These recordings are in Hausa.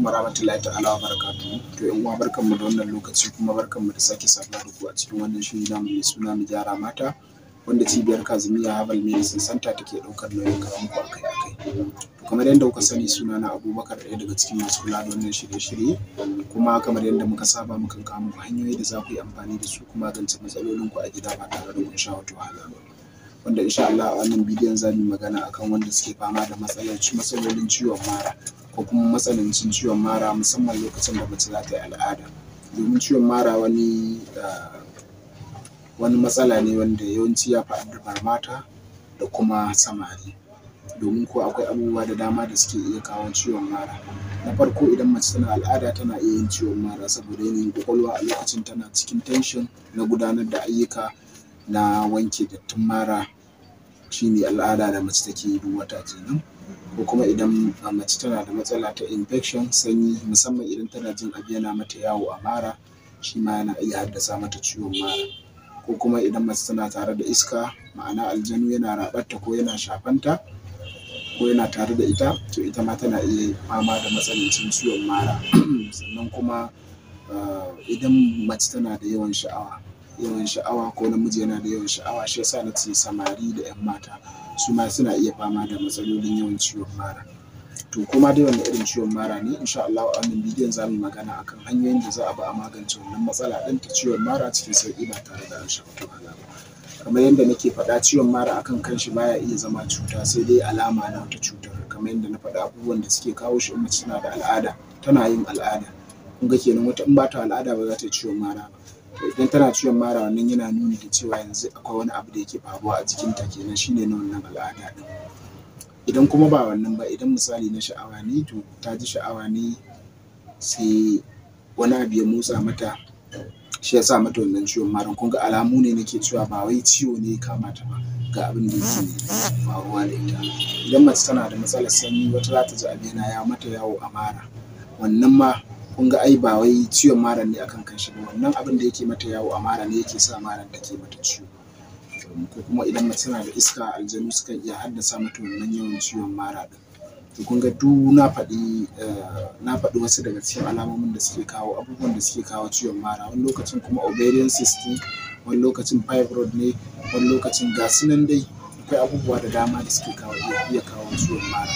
alaikum warahmatullahi ta'ala wa barakatu to yan uwa mu da wannan lokaci kuma mu da sake saduwa da ku a cikin wannan shiri namu mai suna mu gyara mata wanda cibiyar Kazimiya Herbal Medicine Center take daukar nauyin karan ku akai akai to kamar yadda kuka sani suna na Abubakar ɗaya daga cikin masu kula da wannan shirye-shirye kuma kamar yadda muka saba mukan kama ku hanyoyi da za ku yi amfani da su kuma magance matsalolin ku a gida ba tare da kun sha wata wahala ba wanda insha Allah a wannan bidiyon za mu magana akan wanda suke fama da matsalolin ciwon mara ko kuma matsanancin ciwon mara musamman lokacin da mace za ta yi al'ada domin ciwon mara wani ah, wani matsala ne wanda yawanci ya fi addabar mata da kuma samari domin ko akwai abubuwa da dama da suke iya kawo ciwon mara na farko idan mace tana al'ada tana iya yin ciwon mara saboda yanayin kwakwalwa a lokacin tana cikin tension na gudanar da ayyuka na wanke dattin mara shine al'ada da mace take yi duk wata kenan ko kuma idan mace tana da matsala ta infection sanyi musamman idan tana jin abu yana mata yawo a mara shi ma yana iya haddasa mata ciwon mara ko kuma idan mace tana tare da iska ma'ana aljanu yana raɓarta ko yana shafanta ko yana tare da ita to ita ma tana iya fama da matsanancin ciwon mara sannan kuma ah, idan mace tana da yawan sha'awa yawan sha'awa ko namiji yana da yawan sha'awa shi yasa na ce samari da 'yan mata su ma suna iya fama da matsalolin yawan ciwon mara to kuma dai wani irin ciwon mara ne insha Allah a wannan bidiyon zamu magana akan hanyoyin da za a bi a magance wannan matsala din ta ciwon mara cikin sauki ba tare da an shafa ba kamar yadda nake faɗa ciwon mara akan kanshi baya iya zama cuta sai dai alama na wata cutar kamar yadda na faɗa abubuwan da suke kawo shi in mace tana da al'ada tana yin al'ada kun ga kenan wata in ba ta al'ada ba za ta yi ciwon mara ba to idan tana ciwon mara wannan yana nuni da cewa yanzu akwai wani abu da yake faruwa a jikinta kenan shine na wannan al'ada din idan kuma ba wannan ba idan misali na sha'awa ne to ta ji sha'awa ne sai wani abu ya motsa mata shi ya sa mata wannan ciwon mara, kun ga alamu ne nake cewa ba wai ciwo ne ya kama ta ba ga abin da yake faruwa da ita idan mace tana da matsalar sanyi wata za ta ji abena ya mata yawo a mara wannan ma kun ga ai ba wai ciwon maran ne akan kanshi ba wannan abin da yake mata yawo a mara ne yake sa maran take mata ciwo ko kuma idan mace tana da iska aljanu sukan iya haddasa mata wannan yawan ciwon mara din to kun ga duk na faɗi eh, na faɗi wasu daga cikin alamomin da suke kawo abubuwan da suke kawo ciwon mara wani lokacin kuma ovarian cyst ne wani lokacin fibroid ne wani lokacin gasu nan dai akwai abubuwa da dama da suke kawo iya kawo ciwon mara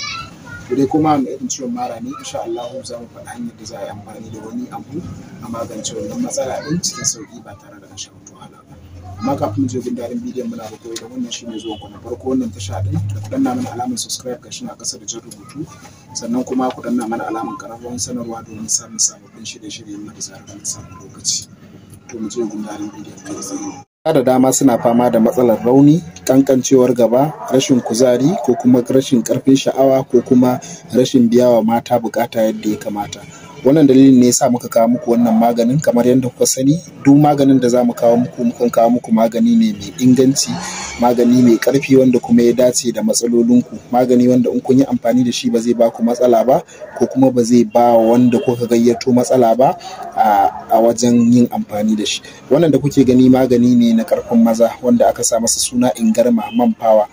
dai kuma mai irin ciwon mara ne insha Allah za mu faɗa hanyar da za a yi amfani da wani abu a magance wannan matsala ɗin cikin sauki ba tare da rashin wahala ba amma kafin mu je gundarin bidiyon muna ba koyi da wannan shine zuwan ku na farko wannan tasha ɗin da ku danna mana alamar subscribe ga shi na ƙasa da jan rubutu sannan kuma ku danna mana alamar ƙararrawar sanarwa domin samun sababbin shirye-shiryen na da zarar mun samu lokaci to mu je gundarin bidiyon da dama suna fama da matsalar rauni kankancewar gaba rashin kuzari ko kuma rashin karfin sha'awa ko kuma rashin biya wa mata bukata yadda ya kamata wannan dalilin ne sa muka kawo muku wannan maganin kamar yadda kuka sani duk maganin da za mu kawo muku mukan kawo muku magani ne mai inganci magani mai karfi wanda kuma ya dace da matsalolinku magani wanda in kun yi amfani da shi ba zai ba ku matsala ba ko kuma ba zai ba wanda kuka gayyato matsala ba a wajen yin amfani da shi wannan da kuke gani magani ne na karfin maza wanda aka sa masa suna ingarma man fawa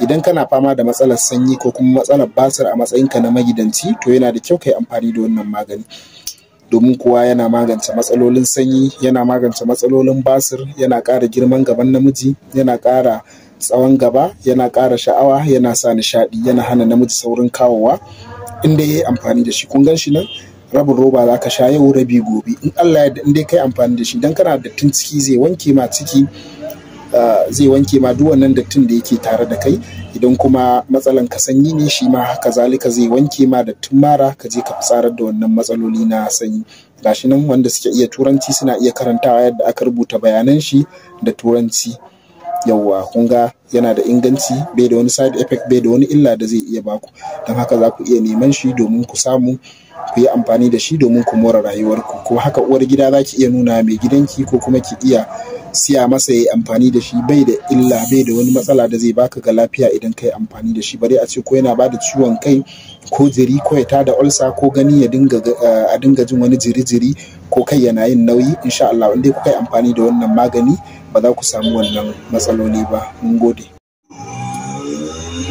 idan kana fama da matsalar sanyi ko kuma matsalar basir a matsayinka na magidanci to yana da kyau ka yi amfani da wannan magani domin kowa yana magance matsalolin sanyi yana magance matsalolin basir yana ƙara girman gaban namiji yana ƙara tsawon gaba yana ƙara sha'awa yana sa nishaɗi yana hana namiji saurin kawowa inda ya yi amfani da shi kun gan shi nan rabin roba za ka sha yau rabi gobe in allah ya in dai kai amfani da shi dan kana da tun ciki zai wanke ma ciki Eh, zai wanke ma duk wannan dattin da yake tare da kai idan kuma matsalan ka sanyi ne shi ma haka zalika zai wanke ma dattin mara ka je ka fitsarar da wannan matsaloli na sanyi gashi nan wanda suke iya turanci suna iya karantawa yadda aka rubuta bayanan shi da turanci yawwa kun yana da inganci bai da wani side effect bai da wani illa da zai iya baku don haka za ku iya neman shi domin ku samu ku yi amfani da shi domin ku more rayuwarku ko haka uwar gida za ki iya nuna mai gidanki ko kuma ki iya siya masa yayi amfani da shi bai da illa bai da wani matsala da zai baka ga lafiya idan kai amfani da shi bare a ce ko yana bada ciwon kai ko jiri ko ya tada ulsa ko gani ya dinga a dinga jin wani jiri-jiri ko kai yana yin nauyi insha Allah in dai kuka yi amfani da wannan magani ba za ku samu wannan matsaloli ba mun gode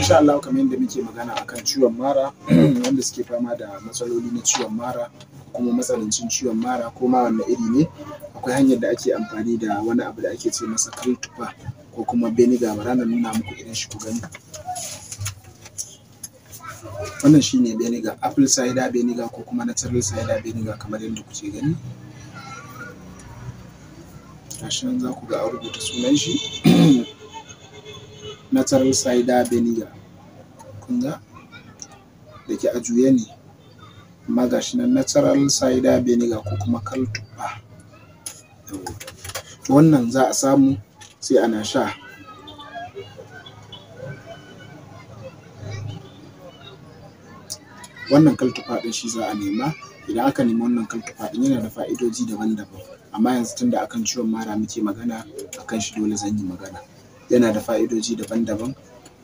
insha Allah kamar yadda muke magana akan ciwon mara wanda suke fama da matsaloli na ciwon mara kuma matsanancin ciwon mara ko ma wanda iri ne akwai hanyar da ake amfani da wani abu da ake ce masa kaltufa ko kuma beniga bara na nuna muku irin shi ku gani wannan shine beniga apple cider beniga ko kuma natural cider beniga kamar yadda kuke gani gashi za ku ga a rubuta sunan shi natural cider beniga. kunga da ke a juye ne amma ga shi nan natural cider vinegar ko kuma kaltuba to wannan za a samu sai ana sha wannan kaltuba ɗin shi za a nema idan aka nemi wannan kaltuba ɗin yana da fa'idoji daban-daban amma yanzu tunda akan ciwon mara muke magana akan shi dole zan yi magana yana da fa'idoji daban-daban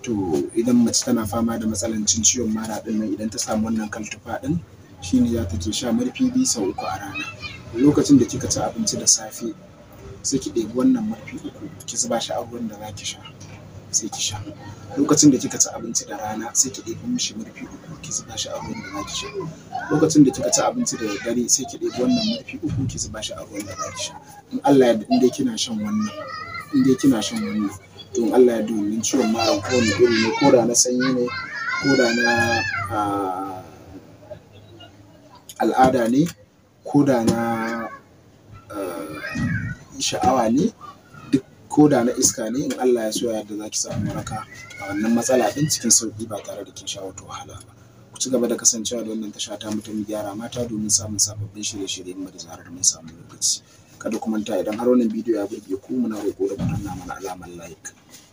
to idan mace tana fama da matsalan cin ciwon mara din nan idan ta samu wannan kaltufa din shine za ta ke sha murfi biyu sau uku a rana lokacin da kika ci abinci da safe sai ki ɗebi wannan murfi uku ki zuba shi a ruwan da za ki sha sai ki sha lokacin da kika ci abinci da rana sai ki ɗebi mishi murfi uku ki zuba shi a ruwan da za ki sha lokacin da kika ci abinci da dare sai ki ɗebi wannan murfi uku ki zuba shi a ruwan da za ki sha in Allah ya in dai kina shan wannan in dai kina shan wannan don Allah ya domin ciwon mara ko wani iri ne ko da na sanyi ne ko da na al'ada ne ko da na sha'awa ne duk ko da na iska ne in Allah ya soya ya za ki samu maraka a wannan matsala din cikin sauki ba tare da kin sha wata wahala ba ku ci gaba da kasancewa da wannan tasha ta mutum gyara mata domin samun sababbin shirye-shiryen mu da zarar mun samu lokaci Ka ku manta idan har wannan bidiyo ya burge ku muna roƙo da ku mana alamar like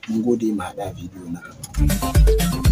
mun gode mu haɗa bidiyo na gaba